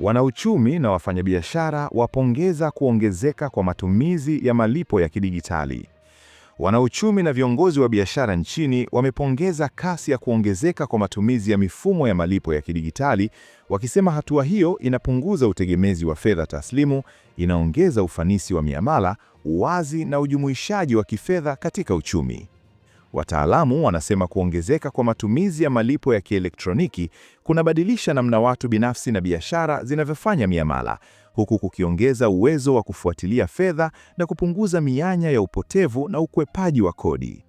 Wanauchumi na wafanyabiashara wapongeza kuongezeka kwa matumizi ya malipo ya kidijitali. Wanauchumi na viongozi wa biashara nchini wamepongeza kasi ya kuongezeka kwa matumizi ya mifumo ya malipo ya kidijitali, wakisema hatua hiyo inapunguza utegemezi wa fedha taslimu, inaongeza ufanisi wa miamala, uwazi na ujumuishaji wa kifedha katika uchumi. Wataalamu wanasema kuongezeka kwa matumizi ya malipo ya kielektroniki kunabadilisha namna watu binafsi na biashara zinavyofanya miamala, huku kukiongeza uwezo wa kufuatilia fedha na kupunguza mianya ya upotevu na ukwepaji wa kodi.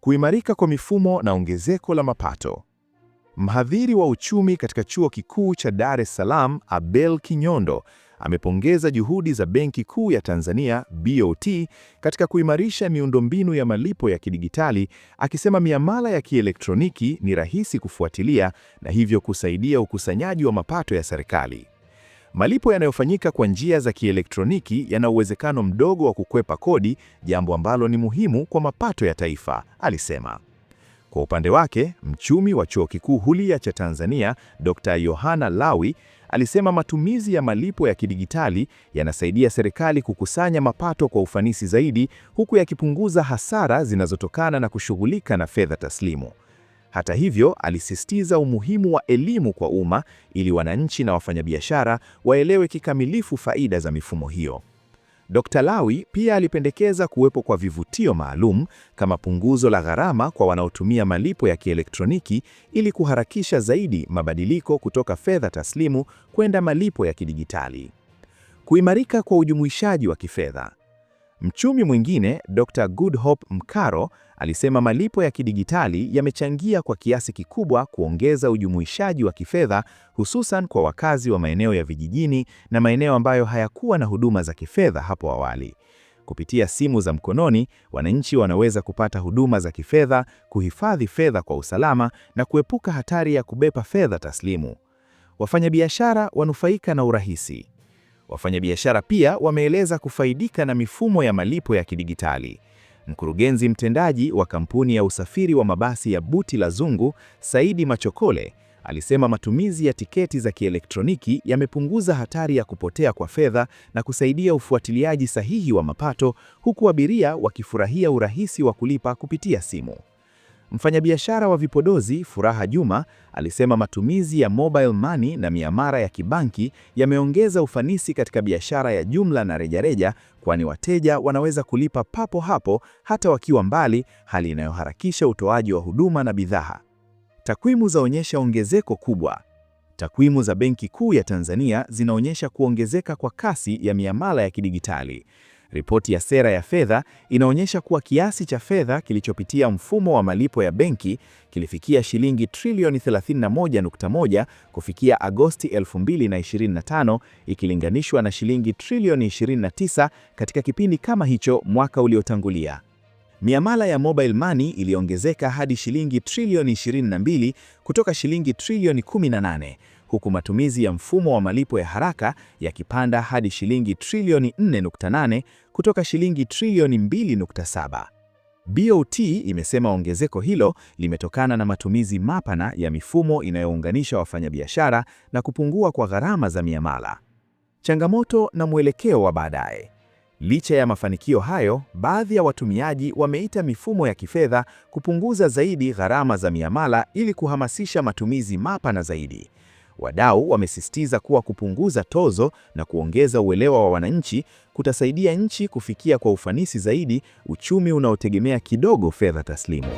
Kuimarika kwa mifumo na ongezeko la mapato. Mhadhiri wa uchumi katika Chuo Kikuu cha Dar es Salaam, Abel Kinyondo, amepongeza juhudi za Benki Kuu ya Tanzania BOT katika kuimarisha miundombinu ya malipo ya kidigitali, akisema miamala ya kielektroniki ni rahisi kufuatilia na hivyo kusaidia ukusanyaji wa mapato ya serikali. Malipo yanayofanyika kwa njia za kielektroniki yana uwezekano mdogo wa kukwepa kodi, jambo ambalo ni muhimu kwa mapato ya taifa, alisema. Kwa upande wake, mchumi wa Chuo Kikuu Huria cha Tanzania, Dr. Yohana Lawi, alisema matumizi ya malipo ya kidijitali yanasaidia serikali kukusanya mapato kwa ufanisi zaidi, huku yakipunguza hasara zinazotokana na kushughulika na fedha taslimu. Hata hivyo, alisisitiza umuhimu wa elimu kwa umma ili wananchi na wafanyabiashara waelewe kikamilifu faida za mifumo hiyo. Dr. Lawi pia alipendekeza kuwepo kwa vivutio maalum kama punguzo la gharama kwa wanaotumia malipo ya kielektroniki ili kuharakisha zaidi mabadiliko kutoka fedha taslimu kwenda malipo ya kidijitali. Kuimarika kwa ujumuishaji wa kifedha. Mchumi mwingine Dr. Goodhope Mkaro alisema malipo ya kidigitali yamechangia kwa kiasi kikubwa kuongeza ujumuishaji wa kifedha hususan kwa wakazi wa maeneo ya vijijini na maeneo ambayo hayakuwa na huduma za kifedha hapo awali. Kupitia simu za mkononi, wananchi wanaweza kupata huduma za kifedha, kuhifadhi fedha kwa usalama na kuepuka hatari ya kubeba fedha taslimu. Wafanyabiashara wanufaika na urahisi. Wafanyabiashara pia wameeleza kufaidika na mifumo ya malipo ya kidigitali. Mkurugenzi mtendaji wa kampuni ya usafiri wa mabasi ya Buti la Zungu, Saidi Machokole, alisema matumizi ya tiketi za kielektroniki yamepunguza hatari ya kupotea kwa fedha na kusaidia ufuatiliaji sahihi wa mapato, huku abiria wakifurahia urahisi wa kulipa kupitia simu. Mfanyabiashara wa vipodozi Furaha Juma alisema matumizi ya mobile money na miamara ya kibanki yameongeza ufanisi katika biashara ya jumla na rejareja, kwani wateja wanaweza kulipa papo hapo hata wakiwa mbali, hali inayoharakisha utoaji wa huduma na bidhaa. Takwimu zaonyesha ongezeko kubwa. Takwimu za Benki Kuu ya Tanzania zinaonyesha kuongezeka kwa kasi ya miamala ya kidigitali. Ripoti ya sera ya fedha inaonyesha kuwa kiasi cha fedha kilichopitia mfumo wa malipo ya benki kilifikia shilingi trilioni 31.1 kufikia Agosti 2025 ikilinganishwa na shilingi trilioni 29 katika kipindi kama hicho mwaka uliotangulia. Miamala ya mobile money iliongezeka hadi shilingi trilioni 22 kutoka shilingi trilioni 18 huku matumizi ya mfumo wa malipo ya haraka yakipanda hadi shilingi trilioni 4.8 kutoka shilingi trilioni 2.7. BOT imesema ongezeko hilo limetokana na matumizi mapana ya mifumo inayounganisha wafanyabiashara na kupungua kwa gharama za miamala. Changamoto na mwelekeo wa baadaye. Licha ya mafanikio hayo, baadhi ya watumiaji wameita mifumo ya kifedha kupunguza zaidi gharama za miamala ili kuhamasisha matumizi mapana zaidi. Wadau wamesisitiza kuwa kupunguza tozo na kuongeza uelewa wa wananchi kutasaidia nchi kufikia kwa ufanisi zaidi uchumi unaotegemea kidogo fedha taslimu.